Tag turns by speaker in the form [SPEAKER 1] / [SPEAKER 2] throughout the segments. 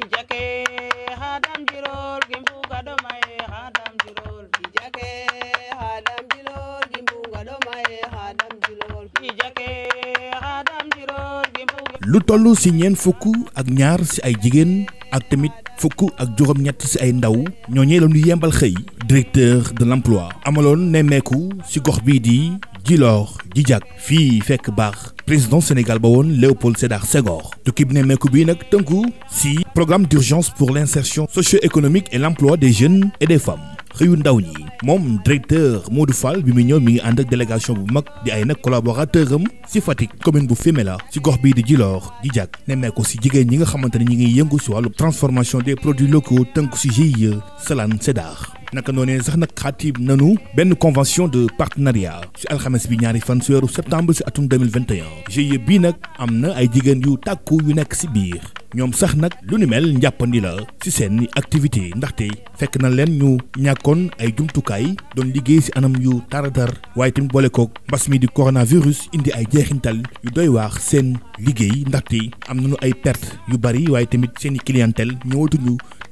[SPEAKER 1] jake lu toll ci ñeen fukk ak ñaar ci ay jigéen ak tamit fukk ak juróom-ñett ci ay ndaw directeur de l'emploi Amalon Nemekou, ci gox bii di fi Fekbar, président Sénégal Léopold Sédar Segor, tukkib nemmeeku bii nag tënku programme d'urgence pour l'insertion socio-économique et l'emploi des jeunes et des femmes xëyu Ndawni mom directeur Modou Fall bi mi ñëw mi ngi and ak délégation bu mag di ay nak collaborateur am si Fatick commune bu Fimela si gox bi di Dilor di jàkk ko si jigéen ñi nga xamanteni ñi ngi yëngu ci wàllu transformation des produits locaux tënku si GIE Salaan Sédar naka noné sax nak khatib nanu ben convention de partenariat ci alxames bi ñaari fan sueru septembre ci atum 2021 GIE bi nak amna ay jigéen yu takku yu nekk ci biir ñoom sax nag lu ni mel njàppandi la ci seen activité ndaxte fekk na leen ñu ñàkkoon ay jumtukaay doon liggéey ci anam yu taratar waaye tamit boole koog mbas mi di coronavirus indi ay jeexintal yu doy waax seen liggéey ndaxte am na ñu ay perte yu bari waaye tamit seeni clientèle ñëwatuñu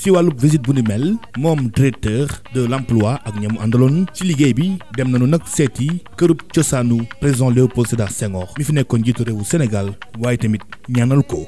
[SPEAKER 1] si wàllu visite bu ni mel moom directeur de l'emploi ak ñamu àndaloon ci liggéey bi dem nañu nag seeti kërub cosaanu président Léopold Sédar Senghor mi fi nekkoon njiitu réewu Sénégal waaye tamit ñaanal ko